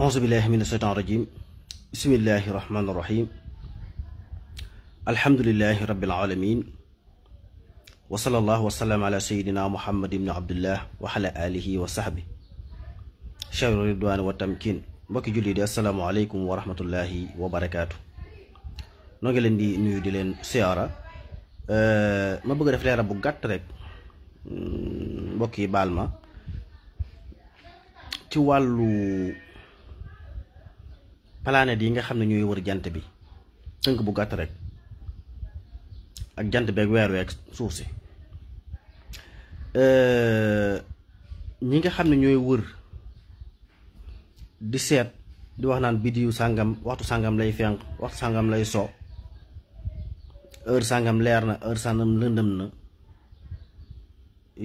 auzu billahi min asheytaan rajim bismillahi rahmaani rahim alhamdulilahi rabbil alamin wa sallallahu wa sallam ala sayidina muhammad ibni abdullah wa ala alihi wa ridwaan wa tamkin mbokki di assalaamu aleykum wa rahmatullahi wa barakaatu noo ngi siyaara ma bëgg a def leera bu gàtt rek mm, mbokk planètes yi nga xam ne ñooy wër jant bi tënk bu gàtt rek ak jant beeg weer weeg suuf si euh, ñi nga xam ne ñooy wër di seet di wax naan biddiw sàngam waxtu sàngam lay fenq waxtu sàngam lay so heure sàngam leer na heure sàngam lëndëm na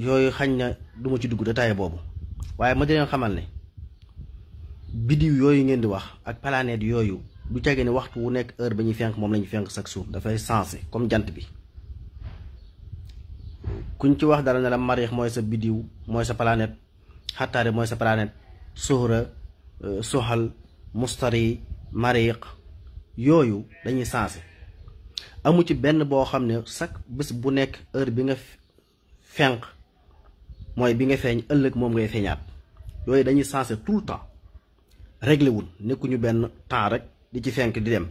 yooyu xañ na duma ci dugg détail boobu waaye ma di xamal ne bidiw yooyu ngeen di wax ak planète yooyu du tege ne waxtu wu nekk heure ba ñuy fenk moom fenk chaque jour dafay sensé comme jant bi ci wax dara ne mooy sa bidiw mooy sa planète xattaari mooy sa planète suhra soxal euh, mustari mariix yooyu dañuy sensé amu ci benn boo xam ne chaque bés bu nekk heure bi nga fenk mooy bi nga feeñ ëllëg moom ngay feeñaat yooyu dañuy sensé tout le temps réglé wul nekkuñu benn temps rek di ci fenk di dem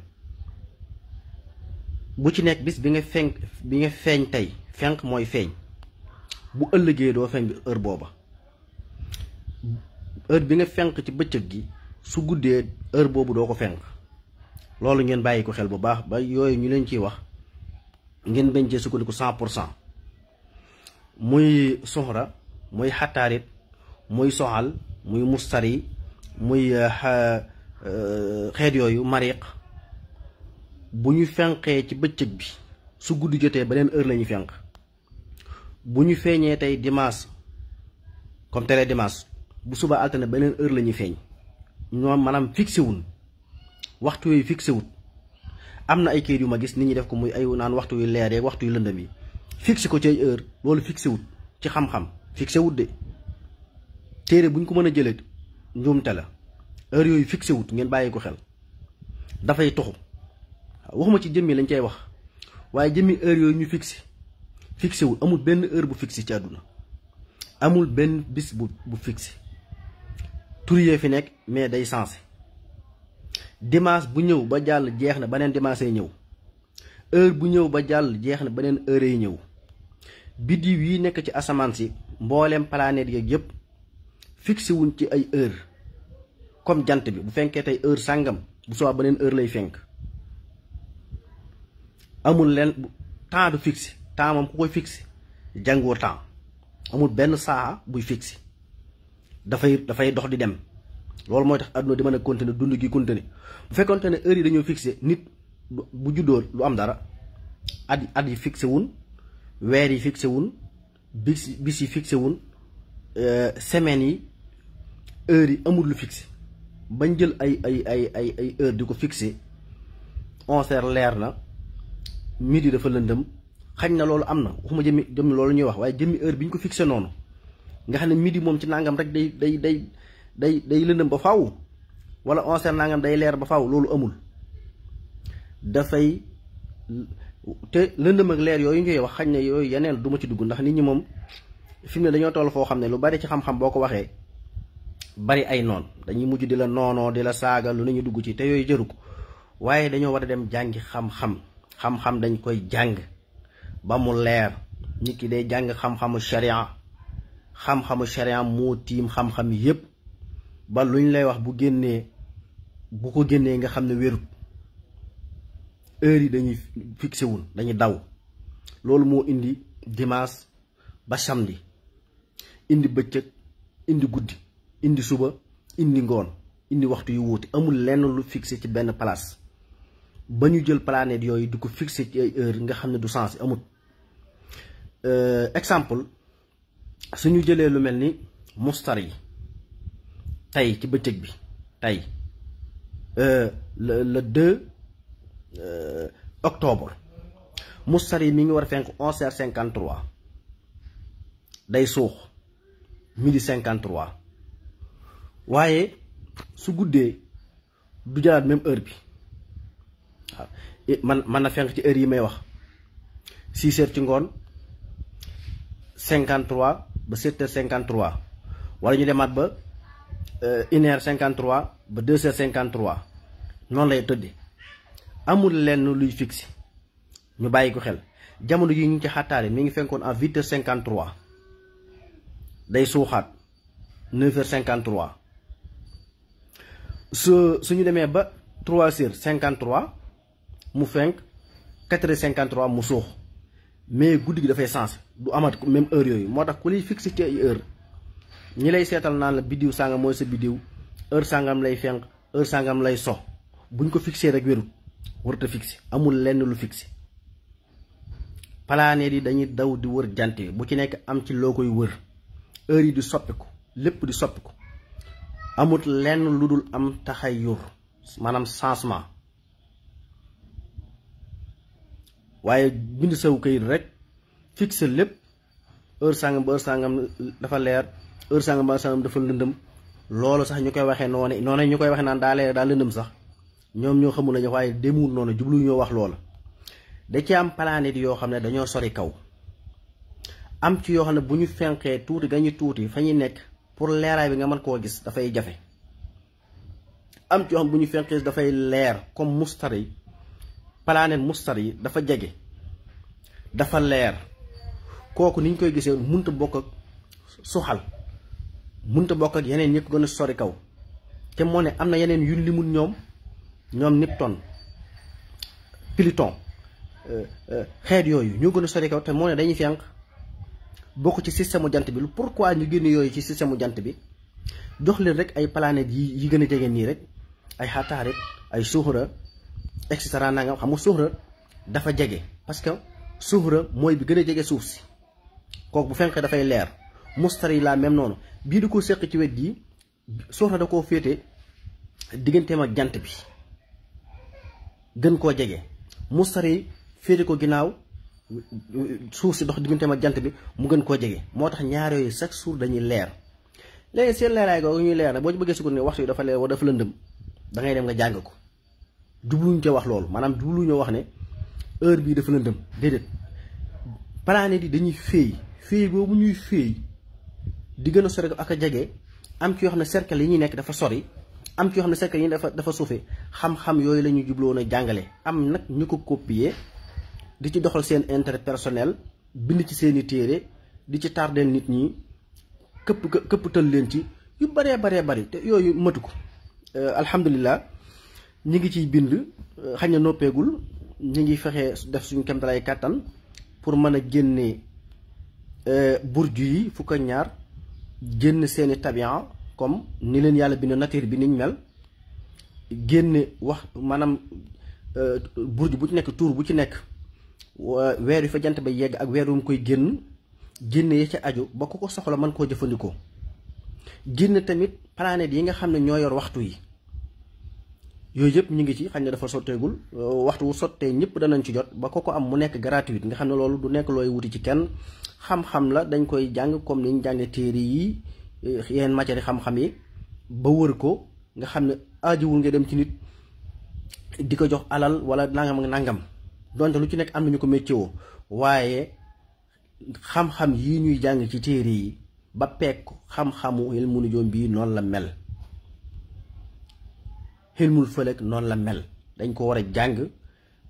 bu ci nekk bis bi nga fenk bi nga feeñ tey fenk mooy feeñ bu ëllëgee doo feeñ bi booba heure bi nga fenk ci bëccëg gi su guddee heure boobu doo ko fenk loolu ngeen bàyyi ko xel bu baax ba yooyu ñu leen ciy wax ngeen bañ cee sukkandiku cent pour cent muy soxra muy xataarit muy soxal muy mustari muy euh, euh, xeet yooyu mariq bu ñu fenqee ci bëccëg bi su guddi jotee beneen heure la ñu fenq bu ñu feeñee tey dimanche comme tere dimanche bu suba altine beneen heure la ñuy feeñ ñoom maanaam fixé wul waxtu yooyu fixé wul am na ay kayit yu ma gis nit ñi def ko muy ay naan waxtu yu leer yeeg waxtu yu lëndëm yi fixé ko ci ay heure loolu fixé wut ci xam-xam fixé de téere bu ñu ko mën a jëlee njuumte la heure yooyu fixé wut ngeen bàyyi ko xel dafay toxu waxuma ci jëmmi lañ cay wax waaye jëmmi heure yooyu ñu fixé fixé wut amul benn heure bu fixé ci àdduna amul benn bis bu bu fixé yee fi nekk mais day sensé dimanche bu ñëw ba jàll jeex na beneen dimanche ay ñëw heure bu ñëw ba jàll jeex na beneen heure yi ñëw biddiw yi nekk ci asamaan si mbooleem planète yeeg yëpp fixé wuñ ci ay heure comme jant bi bu fenkee tey heure sàngam bu soobee beneen heure lay fenk amul leen temps du fixé temps moom ku koy jàngoo temps amul benn saa buy fixé dafay dafay dox di dem loolu mooy tax àdduna di mën a continuer dund gi continuer bu fekkonte ne heure yi dañoo fixé nit bu juddoo lu am dara at at yi fixé wun weer yi fixé wun bis bis yi fixé wun euh, semaines yi heure yi amul lu fixé bañ jël ay ay ay ay ay heure di ko fixé onze leer na midi dafa lëndëm xañ na loolu am na waxuma jëmi jëm loolu ñuy wax waaye jëmi heure bi ñu ko fixé noonu nga xam ne midi moom ci nangam rek day day day day day lëndëm ba faaw wala onze nangam day leer ba faw loolu amul dafay te lëndëm ak leer yooyu ñuy wax xañ na yooyu yeneen du ma ci dugg ndax nit ñi moom fi ne dañoo toll foo xam ne lu bari ci xam-xam boo ko waxee bari ay noon dañuy mujj di la noonoo di la saaga lu nañu dugg ci te yooyu jëru ko waaye dañoo war a dem jàngi xam-xam xam-xam dañ koy jàng ba mu leer nit ki day jàng xam-xamu sharia xam-xamu sharia moo tiim xam-xam yépp ba luñ lay wax bu génnee bu ko génnee nga xam ne wérut heure yi dañuy fixé wul dañuy daw loolu moo indi dimaas ba samedi indi bëccëg indi guddi indi suba indi ngoon indi waxtu yu wuute amul lenn lu fixé ci benn place ba ñu jël planète yooyu di ko fixé ci ay heure nga xam ne du sens amul euh, exemple ñu jëlee lu mel ni mustar yi tey ci bëccëg bi tey euh, le le 2 euh, octobre mustar yi mi ngi war a fenk onze heures cinquante day suux midi cinquante waaye su guddee du jëlaat même heure bi man man na fenk ci heure yi may wax six heures ci ngoon cinquante ba sept heures trois wala ñu demaat ba euh, une heure cinquante ba deux heures cinquante noonu lay tëdde amul lenn luy fixe ñu bàyyi ko xel jamono yi ñu ngi ci xattaale mi ngi fenkoon à huit heures cinquante trois day suuxaat neuf su suñu demee ba trois heures cinquante trois mu fenk quatre heures cinquante trois mu suux mais guddi gi dafay sens du amat ko même heure yooyu moo tax ku lay fixé ci heure ñi lay seetal naan la biddiw sàngam mooy sa biddiw heure sàngam lay fenk heure sàngam lay so buñ ko fixé rek wérut warut a amul lenn lu fixé planètes yi dañuy daw di wër jant bu ci nekk am ci loo koy wër heure yi di ko lépp di ko amut lenn lu dul am taxayur maanaam changement waaye bind saw këyit rek fixé lépp heure sàngam ba heure sàngam dafa leer heure sàngam ba heure sàngam dafa lëndëm loolu sax ñu koy waxee noonu noonu ñu koy waxee naan daa leer daa lëndëm sax ñoom ñoo xamul lañu waaye demul noonu jublu ñoo wax loola da ci am planète yoo xam ne dañoo sori kaw am ci yoo xam ne bu ñu fenqee tuuti gañu tuuti fa ñuy nekk pour leeraay bi nga mën koo gis dafay jafe am ci bu ñu fenqee dafay leer comme mustar yi planète mustar yi dafa jege dafa leer kooku ni ñu koy gisee munta bokk ak suxal munta bokk ak yeneen ñi gën a sori kaw te moo ne am na yeneen yu limul ñoom ñoom Nipton Pluton euh, euh, xeet yooyu ñoo gën a sori kaw te moo ne dañuy fenq bokk ci système jant bi lu pourquoi ñu génn yooyu ci système mu jant bi jox leen rek ay planètes yi yi gën a jege nii rek ay xaataarit ay suuxura et cetera nangam xam nga suuxura dafa jege parce que suuxura mooy bi gën a jege suuf si kooku bu fenkee dafay leer mustar yi la même noonu bii di ko seq ci wet gi suuxura da koo féete digganteem ak jant bi gën koo jege mustar yi féete ko ginnaaw suuf si dox digganteem ak jant bi mu gën koo jege moo tax ñaar yooyu chaque jour dañuy leer léegi seen leeraay googu ñuy leer nag boo ci bëggee sukkandiku ne waxtu yi dafa leer wala dafa lëndëm da ngay dem nga jàng ko jubluñu te wax loolu maanaam ñoo wax ne heure bii dafa lëndëm déedéet planètes yi dañuy féey féey boobu ñuy féey di gën a sori ak a jege am ci yoo xam ne cercle yi ñuy nekk dafa sori am ci yoo xam ne cercle yi dafa dafa suufe xam yooyu la ñuy jubloon a jàngale am nag ñu ko copier di ci doxal seen intérêt personnel bind ci seeni téere di ci tardeel nit ñi këpp këpptal leen ci yu bare baree bari te yooyu matu ko euh, alhamdulilah ñu ngi ciy bind euh, xañ na noppeegul ñi ngi fexe def suñ kem kemtalaay kàttan pour mën a génne euh, burju yi fukk ñaar génn seeni tabian comme ni leen yàlla bind nature bi niñ mel génne wax maanaam burju bu ci nekk tuur bu ci nekk wéru fa jant ba yegg ak weer mu koy genn génn ya aju ba ku ko soxla man ko jëfëndiko genn tamit planète yi nga xam ño yor waxtu yi yoy yëpp ñi ngi ci xam dafa sotégul waxtu wu sottee ñëpp nañ ci jot ba ko ko am mu nekk gratuite nga xam ne loolu du nekk loy wuti ci kenn xam-xam la dañ koy jang comme niñ téré yi eh, yeen matière xam-xam yi ba wër ko nga xam ne wu nga dem ci nit diko jox alal wala nangam ak nangam. donte lu ci nekk am nañu ko météo waaye xam-xam yi ñuy jàng ci téere yi ba pekk xam-xamu ilmu nujoom bii noonu la mel ilmul fëlëg noonu la mel dañ ko war a jàng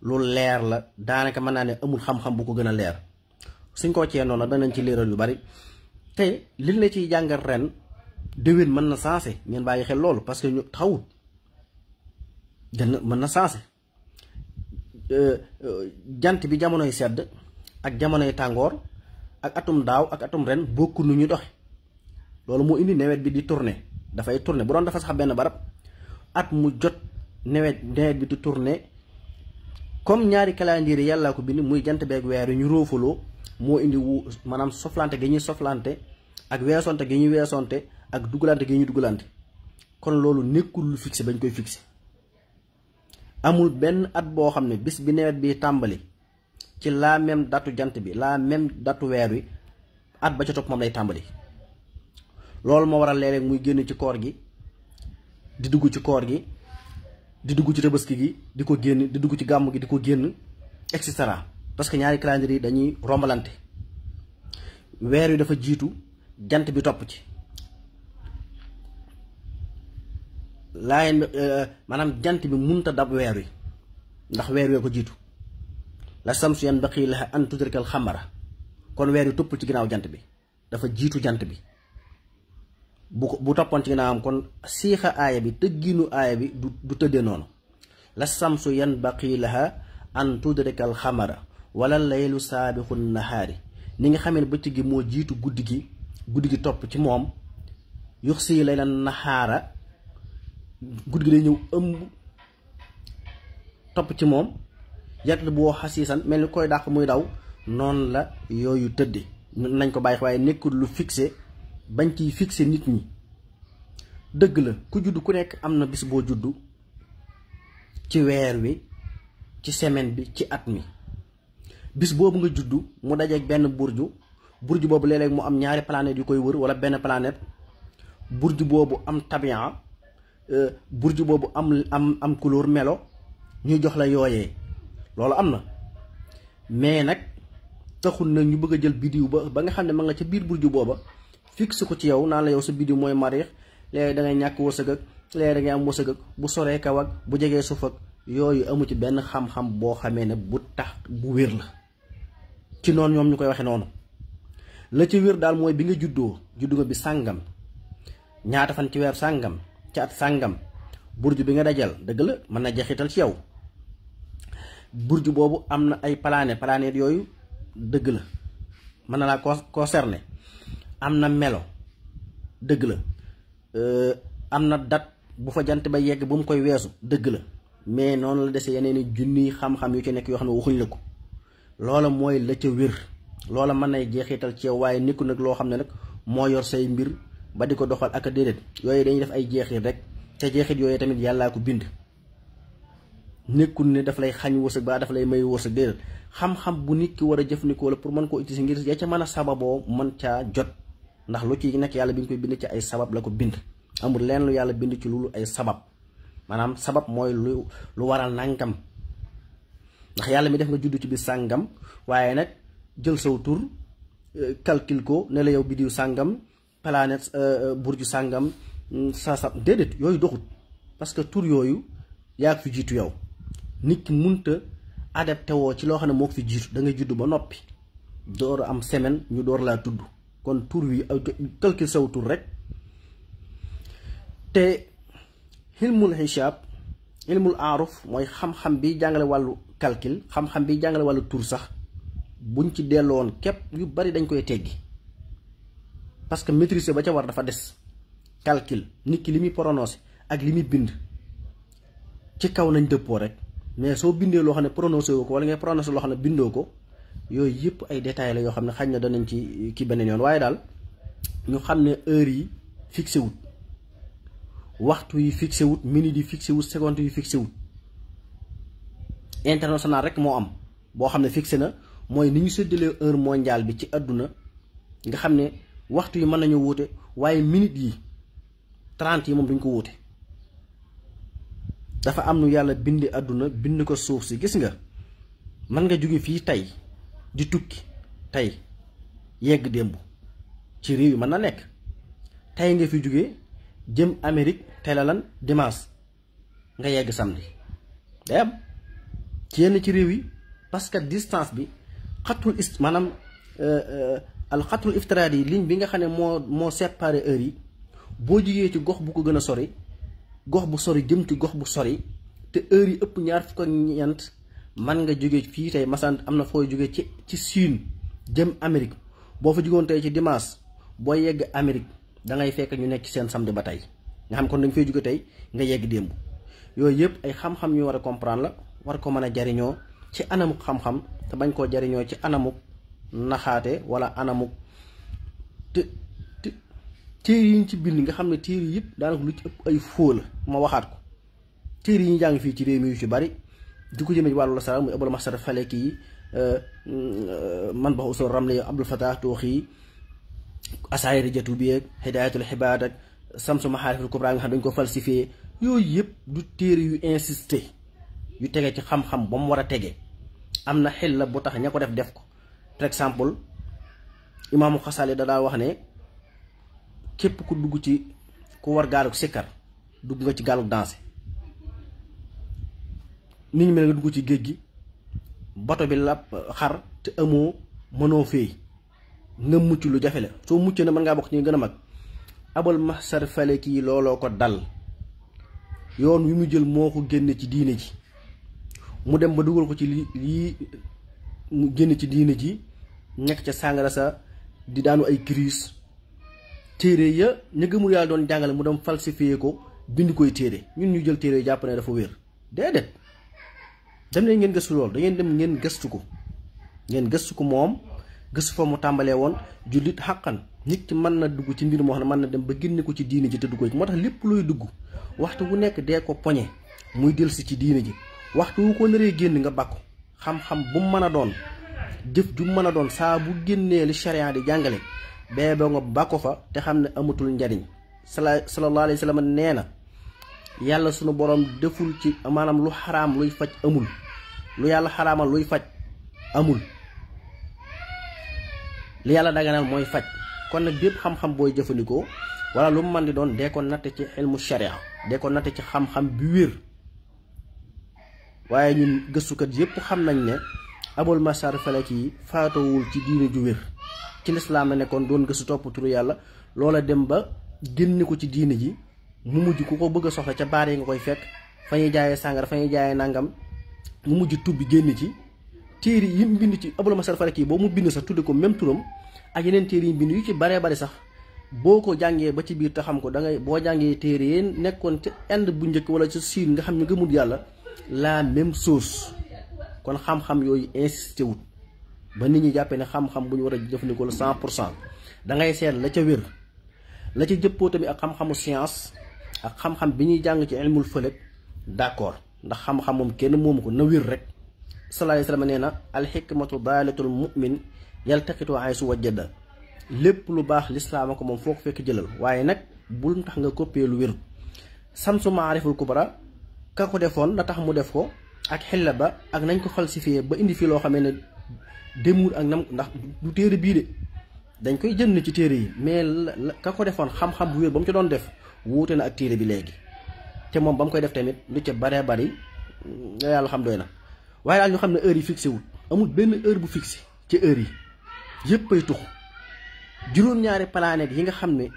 lu leer la daanaka mën naa ne amul xam-xam bu ko gën a leer suñ ko cee noonu danañ ci leeral yu bari te li la ciy jàngal ren déwén mën na saase ngeen bàyyi xel loolu parce que ñu taxawut gën mën na saase Euh, euh, jant bi jamonoy sedd ak jamonoy tàngoor ak atum daaw ak atum ren bokku nu ñu doxe loolu moo indi nawet bi di tourner dafay tourner bu doon dafa sax benn barab at mu jot nawet nawet bi di tourner comme ñaari calendrier yàlla ko bind muy jant beeg weer yu ñu roofaloo moo indi wu maanaam soflante gi ñuy soflante ak weesonte gi ñuy weesonte ak dugalante gi ñuy dugalante kon loolu nekkul lu fixé bañ koy fixé amul ben at bo xamne bis bi nawet bi tambali ci la même datu jant bi la même datu wer wi at ba ci tok mom lay tambali lol mo waral lele muy genn ci koor gi di dugg ci koor gi di dugg ci rebeuski gi di ko génn di dugg ci gàmm gi di ko et cetera parce que ñaari calendrier dañuy rombalante wer wi dafa jitu jant bi top ci laayeen euh, bi jant bi munta dab weer wi ndax weer wee jiitu la samsu yanbaghi laha an tudrikal xamara kon weer wi toppul ci ginnaaw jant bi dafa jiitu jant bi bu ko bu toppoon kon siixa aaya bi tëgginu aaya bi du du tëddee noonu la samsu yanbaghi laha an tudrikal xamara wala laylu saabiqu nahaari ni nga xamee bëcc gi moo jiitu guddi gi guddi gi topp ci moom yux si laylan nahaara guddi gi day ñëw ëmb topp ci moom yàgg boo xasiisan mel ni koy dàq muy daw noonu la yooyu tëdde nañ ko bàyyi waaye nekkul lu fixé bañ ciy fixé nit ñi dëgg la ku juddu ku nekk am na bis boo juddu ci weer wi ci semaine bi ci at mi bis boobu nga juddu mu dajeeg benn burju burju boobu léeg mu am ñaari planètes yu koy wër wala benn planète burju boobu am tabian Euh, burju bobu am am am couleur melo ñu jox la yoyé lolu amna mais nak taxul na ñu bëgg jël bidiw ba ba nga xamné ma nga ci biir burju boba fixe ko ci yow na la yow sa bidiw moy mariix léegi da ngay ñak wërsëg ak léegi da ngay am wërsëg ak bu soré kaw ak bu suuf ak yoyu amu ci ben xam-xam bo xamé né bu tax bu wër la ci non ñom ñukoy waxé non la ci wër dal moy bi nga juddoo juddu bi sangam ñaata fan ci wër sanggam. ci at sàngam burju bi nga dajal dëgg la mën na jaxital ci yow burju boobu am na ay planète planète yooyu dëgg la mën na laa ko concerné am na melo dëgg la euh, am na date bu fa jant yegg bu mu koy weesu dëgg la mais noonu dese yeneen i junniy xam-xam yu ci nekk yoo xam ne waxuñ la ko loola mooy la ca wér loola mën na jeexital ci yow waaye nekku nag loo xam ne nag moo yor say mbir ba di ko doxal ak déedéet yooyu dañuy def ay jeexit rek te jeexit yooyu tamit yàllaa ko bind nekkul ne daf lay xañ wërsëg ba daf lay may wërsëg déedéet xam-xam bu nit ki war a jëfandikoo la pour mën koo utiliser ngir ya ca mën a sababoo mën caa jot ndax lu ci nekk yàlla bi ñu koy bind ci ay sabab la ko bind amul leen lu yàlla bind ci loolu ay sabab maanaam sabab mooy lu waral nàngam ndax yàlla mi def nga juddu ci biir sàngam waaye nag jël saw tur euh, ko ne la yow bidiw sàngam planète euh, euh, burju sàngam mm, saasam déedéet yooyu doxut parce que tur yooyu yaa fi jiitu yow nit ki munta adapté woo ci loo xam ne moo fi jiitu da nga juddu ba noppi door am semaine ñu door laa tudd kon tur wi euh, calcul saw tur rek te xilmul xisaab ilmul aaruf mooy xam-xam bi jàngale wàllu calcul xam-xam bi jàngale wàllu tur sax buñ ci delloo woon képp yu bari dañ koy teggi parce que maîtriser ba ca war dafa des calcul nit ki li muy prononcé ak li muy bind ci kaw nañ dëppoo rek mais soo bindee loo xam ne prononcé woo ko wala ngay prononcé loo xam ne bindoo ko yooyu yëpp ay détails la yoo xam ne xañ na danañ ci ki beneen yoon waaye daal ñu xam ne heure yi fixé wut waxtu yi fixé wut minute yi fixé wut seconde yi fixé wut international rek moo am boo xam ne fixé na mooy ni ñu séddalee heure mondiale bi ci àdduna nga xam ne. waxtu yi mën nañu wuute waaye minute yi trent yi moom duñ ko wuute dafa am nu yàlla bind àdduna bind ko suuf si gis nga man nga jóge fii tey di tukki tey yegg démb ci réew yi mën na nekk tey nga fi jóge jëm amerique tey la nga yegg samedi day ci yenn ci réew yi parce que distance bi xatul ist maanaam euh, euh, alxatrul iftiraat yi ligne bi nga xam ne moo moo séparé heure yi boo jugee ci gox bu ko gën a sori gox bu sori jëm ci gox bu sori te heure yi ëpp ñaar fukk ak ñeent man nga jóge fii tey masaan am na foo jóge ci ci Chine jëm amerique boo fa jugoon tey ci dimanche boo yegg amerique da ngay fekk ñu nekk seen samedi ba tey nga xam kon dañ fay jóge tey nga yegg démb yooyu yëpp ay xam-xam ñu war a comprendre la war ko mën a jariñoo ci anamuk xam-xam te bañ koo jariñoo ci anamuk naxaate wala anamuk te te téere yi nga xam ne téere yi yëpp daanaka lu ci ëpp ay foo la ma waxaat ko téere yi ñu jàng fii ci réew mi yu ci bari di ko jëmee ci wàllu lasaraan muy abul masar faleki yi euh, euh, man ba usul ramli abdul fatah tooxi yi asaayiri jatu bi ak hidayatul xibaat ak samsu maxaarifil kubra yooyu yëpp du téere yu insisté yu tege ci xam-xam ba mu war a tege am na xel la bu tax ña ko def def ko par exemple imaamu xasaali da daa wax ne képp ku dugg ci ku war gaalug sikkar dugg nga ci gaalug danse nit ñi mel nga dugg ci géej gi boto bi la xar te amoo mënoo fey nga mucc lu jafe la soo muccee na mën ngaa bokk ci gën a mag abal masar fale kii looloo ko dal yoon wi mu jël moo ko génne ci diine ji mu dem ba dugal ko ci lii mu genn ci diine ji nek ca sangara sa di daanu ay gris téré ya ña gëmul yàlla doon jangal mu dem falsifier ko bind koy téré ñun ñu jël téré japp ne dafa wër déedéet dem leen ngeen gëstu lool da ngeen dem ngeen gëstu ko ngeen gëstu ko mom gëstu fa mu tambalé won julit haqqan nit ci man na dugg ci mbir mo xam man na dem ba genn ko ci diine ji te dugg ko motax lepp luy dugg waxtu wu nek ko muy del ci diine ji waxtu wu ko nëree genn nga bakko xam-xam bu mën a doon jëf ju mën a doon saa bu génnee li charia di jàngale bee ba nga bàkko fa te xam ne amatul njariñ sallallahu alayhi wa sallam nee na yàlla sunu borom deful ci maanaam lu xaraam luy faj amul lu yàlla xaraamal luy faj amul li yàlla daganal mooy faj kon nag bépp xam-xam booy jëfandikoo wala lu mu mën di doon dee ko natt ci ilmu sharia dee ko natt ci xam-xam bi wér waye ñun kat yépp xam nañ né abul masar falaki yi faatowul ci diiné ju wër ci l'islam né kon doon gëssu top turu yalla loola dem ba génn ko ci diiné ji mu mujj ku ko bëgg soxla ca baari nga koy fekk fa ñuy jaayee sàngara fa nangam mu mujj tubbi génn ci téré yi mu bind ci abul masar falaki bo mu bind sa tudde ko même turum ak yenen téré yi bind yu ci bare bare sax boko jangé ba ci biir ta xam ko da ngay bo jangé téré yi nekkon ci bu wala ci siin nga xam gëmul yalla la même chose kon xam-xam yooyu insisté wut ba nit ñi jàppee ne xam-xam bu ñu war a jëfandikoo la cent pour cent da ngay seet la ca wér la ca jëppoo tamit ak xam-xamu science ak xam-xam bi ñuy jàng ci ilmul fëlëg d'accord ndax xam-xam moom kenn moomu ko na wér rek sallallahu alayhi wasallam nee na alxikmatu daalatul mu'min yaltaqitu aysu wajjada lépp lu baax lislaama ko moom foo ko fekk jëlal waaye nag bul tax nga coppee lu wér samsu maariful kubra ka ko defoon la tax mu def ko ak xilla ba ak nañ ko falsifié ba indi fii loo xamee ne demul ak nam ndax du téere bii de dañ koy jënd ci téere yi mais la ka ko defoon xam-xam bu wér ba mu ci doon def wuute na ak téere bi léegi te moom ba mu koy def tamit lu ca baree bari nga mm, yàlla xam doy na waaye daal ñu xam ne heure yi fixé wul amul benn heure bu fixé ci heure yi yëpp ay tux juróom-ñaari planètes yi nga xam ne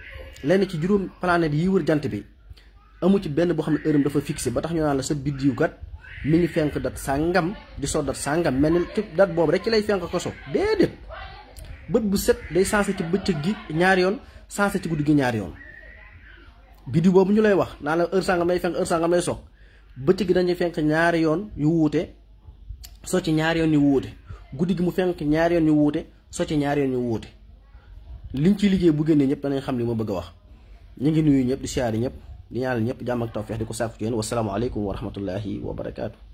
lenn ci juróom planètes yi wër jant bi amul ci benn boo xam ne heure dafa fixé ba tax ñu naan la sa biddiw kat mi ngi fenk dat sàngam di so dat sàngam mel ni ci dat boobu rek ci lay fenk ko so déedéet bët bu set day sensé ci bëccëg gi ñaari yoon sensé ci guddi gi ñaari yoon biddiw boobu ñu lay wax naan la heure sàngam lay fenk heure sàngam lay so bëccëg gi dañuy fenk ñaari yoon yu wuute so ci ñaari yoon yu wuute guddi gi mu fenk ñaari yoon yu wuute so ci ñaari yu wuute liñ ci liggéey bu génnee ñëpp danañ xam li ma bëgg a wax ñu ngi nuyu ñëpp di ñëpp ليال نيب جامك توفيق ديكو سافجين والسلام عليكم ورحمه الله وبركاته